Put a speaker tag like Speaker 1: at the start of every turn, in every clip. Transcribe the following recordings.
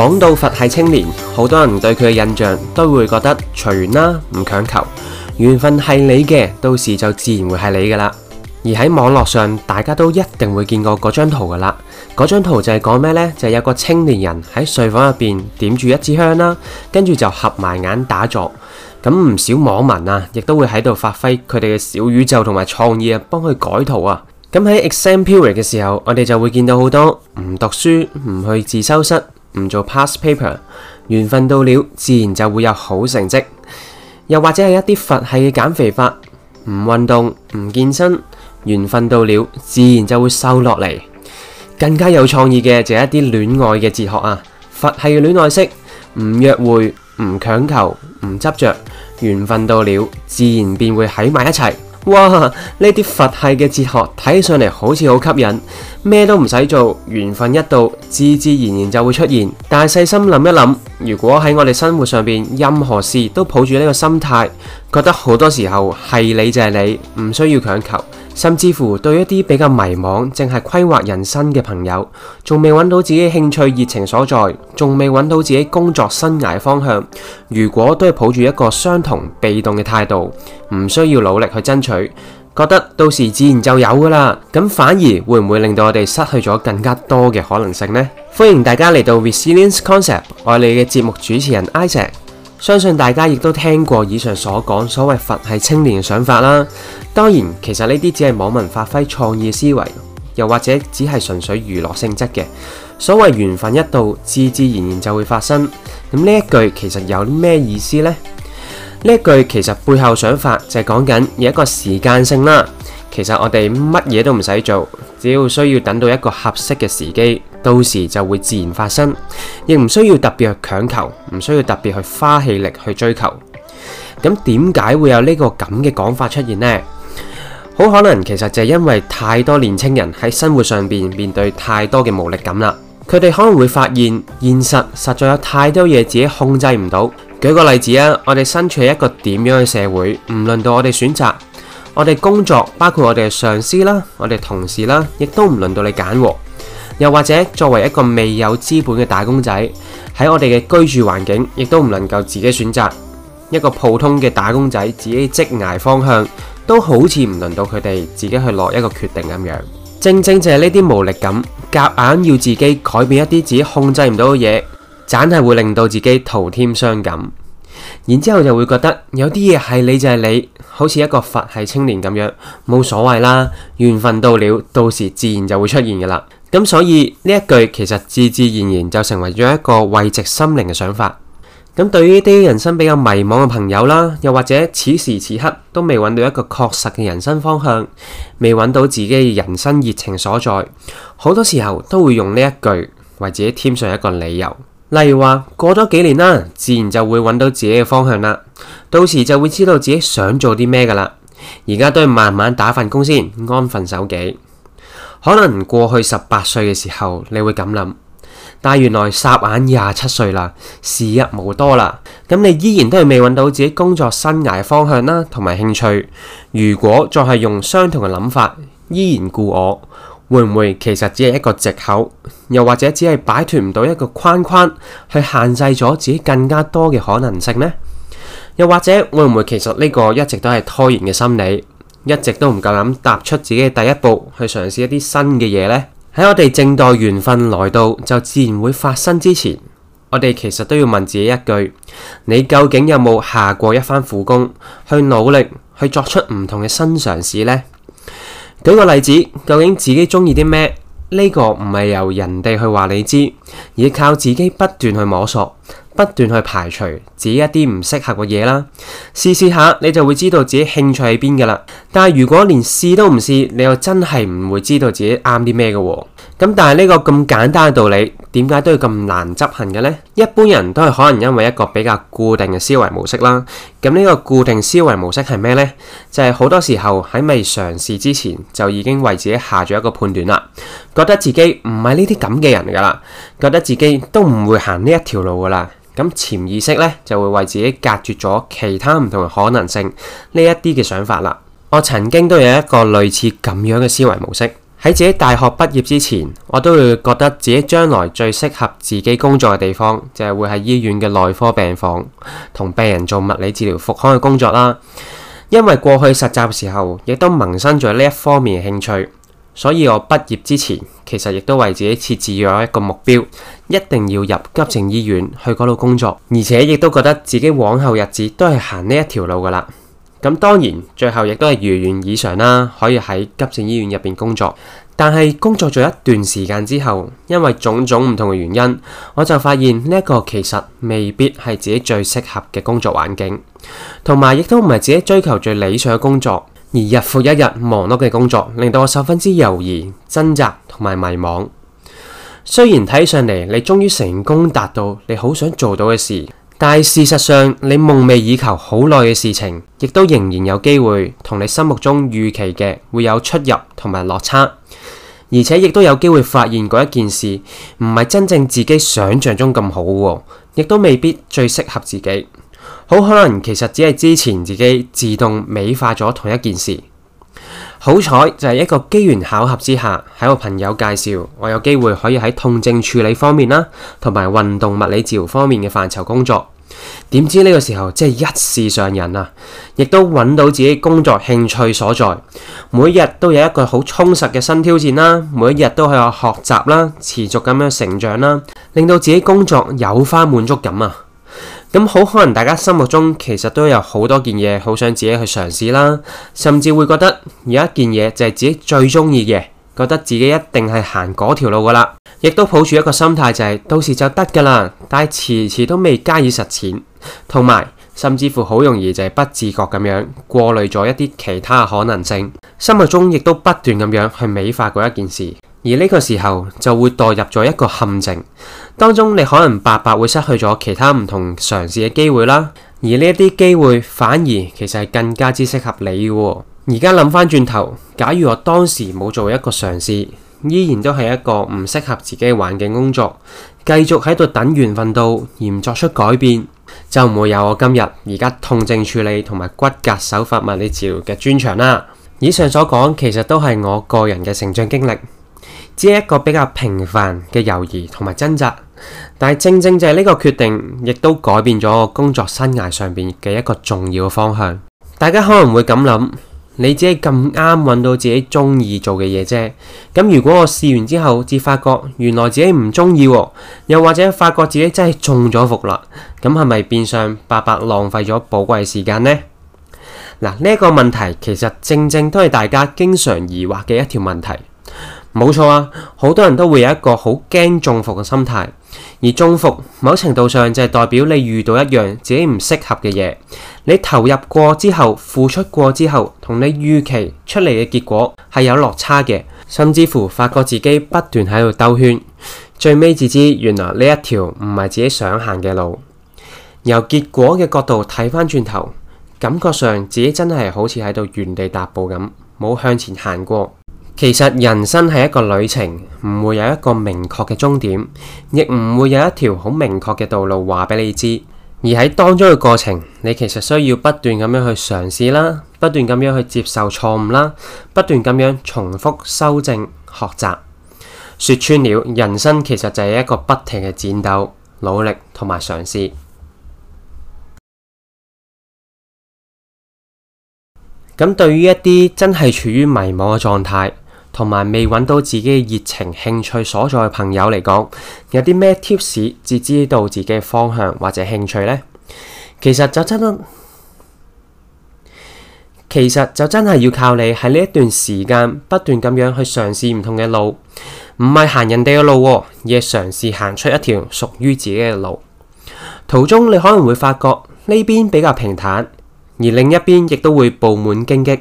Speaker 1: 講到佛系青年，好多人對佢嘅印象都會覺得隨緣啦，唔強求。緣分係你嘅，到時就自然會係你噶啦。而喺網絡上，大家都一定會見過嗰張圖噶啦。嗰張圖就係講咩呢？就係有個青年人喺睡房入邊點住一支香啦，跟住就合埋眼打坐。咁唔少網民啊，亦都會喺度發揮佢哋嘅小宇宙同埋創意啊，幫佢改圖啊。咁喺 exam period 嘅時候，我哋就會見到好多唔讀書唔去自修室，唔做 past paper，緣分到了自然就會有好成績；又或者係一啲佛系嘅減肥法，唔運動唔健身，緣分到了自然就會瘦落嚟。更加有創意嘅就係一啲戀愛嘅哲學啊，佛系嘅戀愛式，唔約會，唔強求，唔執着，緣分到了自然便會喺埋一齊。哇！呢啲佛系嘅哲學睇上嚟好似好吸引，咩都唔使做，緣分一到，自自然然就會出現。但係細心諗一諗，如果喺我哋生活上邊，任何事都抱住呢個心態，覺得好多時候係你就係你，唔需要強求。甚至乎對一啲比較迷惘，淨係規劃人生嘅朋友，仲未揾到自己興趣熱情所在，仲未揾到自己工作生涯方向，如果都係抱住一個相同被動嘅態度，唔需要努力去爭取，覺得到時自然就有㗎喇，咁反而會唔會令到我哋失去咗更加多嘅可能性呢？歡迎大家嚟到 Resilience Concept，我係你嘅節目主持人 Isaac。相信大家亦都聽過以上所講所謂佛系青年嘅想法啦。當然，其實呢啲只係網民發揮創意思維，又或者只係純粹娛樂性質嘅。所謂緣分一到，自自然然就會發生。咁呢一句其實有咩意思呢？呢一句其實背後想法就係講緊有一個時間性啦。其實我哋乜嘢都唔使做，只要需要等到一個合適嘅時機，到時就會自然發生，亦唔需要特別去強求，唔需要特別去花氣力去追求。咁點解會有呢個咁嘅講法出現呢？好可能其實就係因為太多年青人喺生活上邊面面對太多嘅無力感啦，佢哋可能會發現現實實在有太多嘢自己控制唔到。舉個例子啊，我哋身處一個點樣嘅社會，唔輪到我哋選擇。我哋工作包括我哋嘅上司啦，我哋同事啦，亦都唔輪到你揀；又或者作為一個未有資本嘅打工仔，喺我哋嘅居住環境，亦都唔能夠自己選擇，一個普通嘅打工仔自己職涯方向，都好似唔輪到佢哋自己去落一個決定咁樣。正正就係呢啲無力感，夾硬要自己改變一啲自己控制唔到嘅嘢，盞係會令到自己徒添傷感。然之後就會覺得有啲嘢係你就係你，好似一個佛系青年咁樣，冇所謂啦，緣分到了，到時自然就會出現嘅啦。咁所以呢一句其實自自然然就成為咗一個慰藉心靈嘅想法。咁對於啲人生比較迷茫嘅朋友啦，又或者此時此刻都未揾到一個確實嘅人生方向，未揾到自己人生熱情所在，好多時候都會用呢一句為自己添上一個理由。例如話過咗幾年啦，自然就會揾到自己嘅方向啦。到時就會知道自己想做啲咩噶啦。而家都係慢慢打份工先，安分守己。可能過去十八歲嘅時候你會咁諗，但原來霎眼廿七歲啦，時日無多啦。咁你依然都係未揾到自己工作生涯嘅方向啦，同埋興趣。如果再係用相同嘅諗法，依然故我。會唔會其實只係一個藉口，又或者只係擺脱唔到一個框框，去限制咗自己更加多嘅可能性呢？又或者會唔會其實呢個一直都係拖延嘅心理，一直都唔夠膽踏出自己嘅第一步，去嘗試一啲新嘅嘢呢？喺我哋正待緣分來到就自然會發生之前，我哋其實都要問自己一句：你究竟有冇下過一番苦功，去努力去作出唔同嘅新嘗試呢？舉個例子，究竟自己中意啲咩？呢個唔係由人哋去話你知，而靠自己不斷去摸索，不斷去排除自己一啲唔適合嘅嘢啦。試試下，你就會知道自己興趣喺邊噶啦。但係如果連試都唔試，你又真係唔會知道自己啱啲咩嘅。咁但係呢個咁簡單嘅道理，點解都要咁難執行嘅呢？一般人都係可能因為一個比較固定嘅思維模式啦。咁呢個固定思維模式係咩呢？就係好多時候喺未嘗試之前就已經為自己下咗一個判斷啦，覺得自己唔係呢啲咁嘅人噶啦，覺得自己都唔會行呢一條路噶啦。咁潛意識呢，就會為自己隔絕咗其他唔同嘅可能性呢一啲嘅想法啦。我曾經都有一個類似咁樣嘅思維模式。喺自己大學畢業之前，我都會覺得自己將來最適合自己工作嘅地方就係會喺醫院嘅內科病房，同病人做物理治療復康嘅工作啦。因為過去實習嘅時候，亦都萌生咗呢一方面嘅興趣，所以我畢業之前，其實亦都為自己設置咗一個目標，一定要入急症醫院去嗰度工作，而且亦都覺得自己往後日子都係行呢一條路噶啦。咁當然，最後亦都係如願以償啦，可以喺急症醫院入邊工作。但係工作咗一段時間之後，因為種種唔同嘅原因，我就發現呢一個其實未必係自己最適合嘅工作環境，同埋亦都唔係自己追求最理想嘅工作。而日復一日忙碌嘅工作，令到我十分之猶豫、掙扎同埋迷茫。雖然睇上嚟，你終於成功達到你好想做到嘅事。但係事實上，你夢寐以求好耐嘅事情，亦都仍然有機會同你心目中預期嘅會有出入同埋落差，而且亦都有機會發現嗰一件事唔係真正自己想象中咁好，亦都未必最適合自己。好可能其實只係之前自己自動美化咗同一件事。好彩就係一個機緣巧合之下，喺我朋友介紹，我有機會可以喺痛症處理方面啦，同埋運動物理治療方面嘅範疇工作。點知呢個時候，即係一試上癮啊，亦都搵到自己工作興趣所在，每一日都有一個好充實嘅新挑戰啦，每一日都係有學習啦，持續咁樣成長啦，令到自己工作有翻滿足感啊！咁好可能大家心目中其實都有好多件嘢好想自己去嘗試啦，甚至會覺得有一件嘢就係自己最中意嘅。覺得自己一定係行嗰條路噶啦，亦都抱住一個心態就係、是、到時就得噶啦，但係遲遲都未加以實踐，同埋甚至乎好容易就係不自覺咁樣過濾咗一啲其他可能性，心目中亦都不斷咁樣去美化嗰一件事，而呢個時候就會墮入咗一個陷阱當中，你可能白白會失去咗其他唔同嘗試嘅機會啦，而呢一啲機會反而其實係更加之適合你嘅。而家諗翻轉頭，假如我當時冇做一個嘗試，依然都係一個唔適合自己嘅環境工作，繼續喺度等緣分到而唔作出改變，就唔會有我今日而家痛症處理同埋骨骼手法物理治療嘅專長啦。以上所講其實都係我個人嘅成長經歷，只係一個比較平凡嘅猶豫同埋掙扎，但係正正就係呢個決定，亦都改變咗我工作生涯上面嘅一個重要方向。大家可能會咁諗。你只係咁啱揾到自己中意做嘅嘢啫。咁如果我試完之後，至發覺原來自己唔中意喎，又或者發覺自己真係中咗伏啦，咁係咪變相白白浪費咗寶貴時間呢？嗱，呢一個問題其實正正都係大家經常疑惑嘅一條問題。冇錯啊，好多人都會有一個好驚中伏嘅心態。而中伏，某程度上就係代表你遇到一樣自己唔適合嘅嘢，你投入過之後，付出過之後，同你預期出嚟嘅結果係有落差嘅，甚至乎發覺自己不斷喺度兜圈，最尾至知原來呢一條唔係自己想行嘅路。由結果嘅角度睇翻轉頭，感覺上自己真係好似喺度原地踏步咁，冇向前行過。其實人生係一個旅程，唔會有一個明確嘅終點，亦唔會有一條好明確嘅道路話俾你知。而喺當中嘅過程，你其實需要不斷咁樣去嘗試啦，不斷咁樣去接受錯誤啦，不斷咁樣重複修正、學習。說穿了，人生其實就係一個不停嘅戰鬥、努力同埋嘗試。咁對於一啲真係處於迷茫嘅狀態，同埋未揾到自己嘅熱情興趣所在嘅朋友嚟講，有啲咩 tips 至知道自己嘅方向或者興趣呢？其實就真得，其實就真係要靠你喺呢一段時間不斷咁樣去嘗試唔同嘅路，唔係行人哋嘅路，而係嘗試行出一條屬於自己嘅路。途中你可能會發覺呢邊比較平坦，而另一邊亦都會布滿荊棘。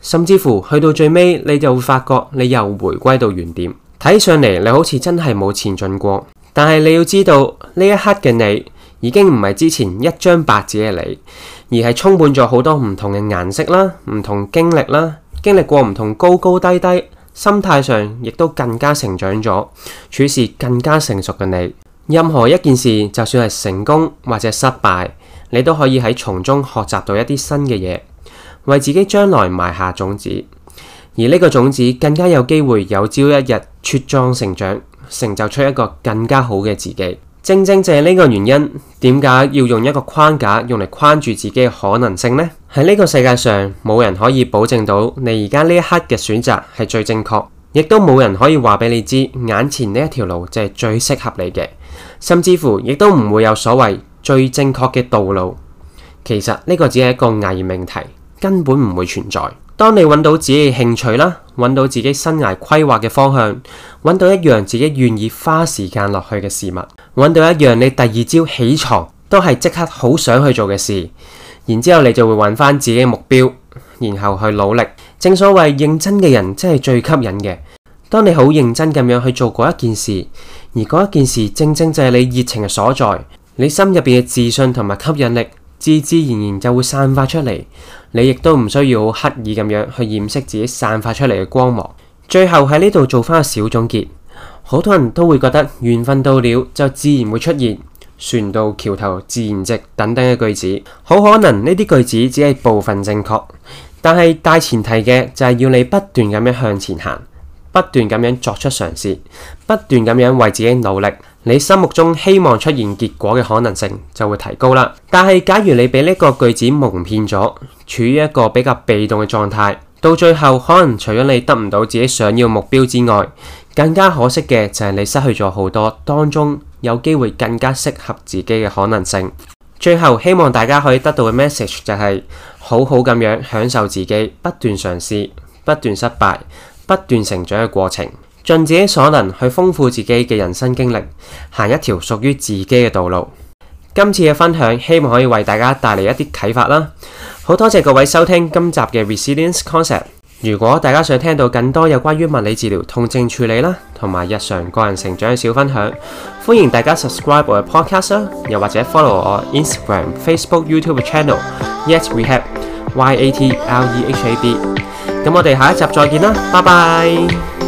Speaker 1: 甚至乎去到最尾，你就會發覺你又回歸到原點，睇上嚟你好似真係冇前進過。但係你要知道呢一刻嘅你，已經唔係之前一張白紙嘅你，而係充滿咗好多唔同嘅顏色啦、唔同經歷啦，經歷過唔同高高低低，心態上亦都更加成長咗，處事更加成熟嘅你。任何一件事，就算係成功或者失敗，你都可以喺從中學習到一啲新嘅嘢。為自己將來埋下種子，而呢個種子更加有機會有朝一日茁壯成長，成就出一個更加好嘅自己。正正就係呢個原因，點解要用一個框架用嚟框住自己嘅可能性呢？喺呢個世界上，冇人可以保證到你而家呢一刻嘅選擇係最正確，亦都冇人可以話俾你知眼前呢一條路就係最適合你嘅，甚至乎亦都唔會有所謂最正確嘅道路。其實呢個只係一個偽命題。根本唔會存在。當你揾到自己嘅興趣啦，揾到自己生涯規劃嘅方向，揾到一樣自己願意花時間落去嘅事物，揾到一樣你第二朝起床都係即刻好想去做嘅事，然之後你就會揾翻自己嘅目標，然後去努力。正所謂認真嘅人真係最吸引嘅。當你好認真咁樣去做嗰一件事，而嗰一件事正正就係你熱情嘅所在，你心入邊嘅自信同埋吸引力。自自然然就會散發出嚟，你亦都唔需要刻意咁樣去掩飾自己散發出嚟嘅光芒。最後喺呢度做翻個小總結，好多人都會覺得緣分到了就自然會出現船到橋頭自然直等等嘅句子，好可能呢啲句子只係部分正確，但係大前提嘅就係要你不斷咁樣向前行，不斷咁樣作出嘗試，不斷咁樣為自己努力。你心目中希望出現結果嘅可能性就會提高啦。但係假如你俾呢個句子蒙騙咗，處於一個比較被動嘅狀態，到最後可能除咗你得唔到自己想要目標之外，更加可惜嘅就係你失去咗好多當中有機會更加適合自己嘅可能性。最後希望大家可以得到嘅 message 就係好好咁樣享受自己不斷嘗試、不斷失敗、不斷成長嘅過程。盡自己所能去豐富自己嘅人生經歷，行一條屬於自己嘅道路。今次嘅分享希望可以為大家帶嚟一啲啟發啦。好多謝各位收聽今集嘅 Resilience Concept。如果大家想聽到更多有關於物理治療、痛症處理啦，同埋日常個人成長嘅小分享，歡迎大家 subscribe 我嘅 podcast 啦，又或者 follow 我 Instagram、Facebook、YouTube Channel。Yes Rehab Y A T L E H A B。咁我哋下一集再見啦，拜拜。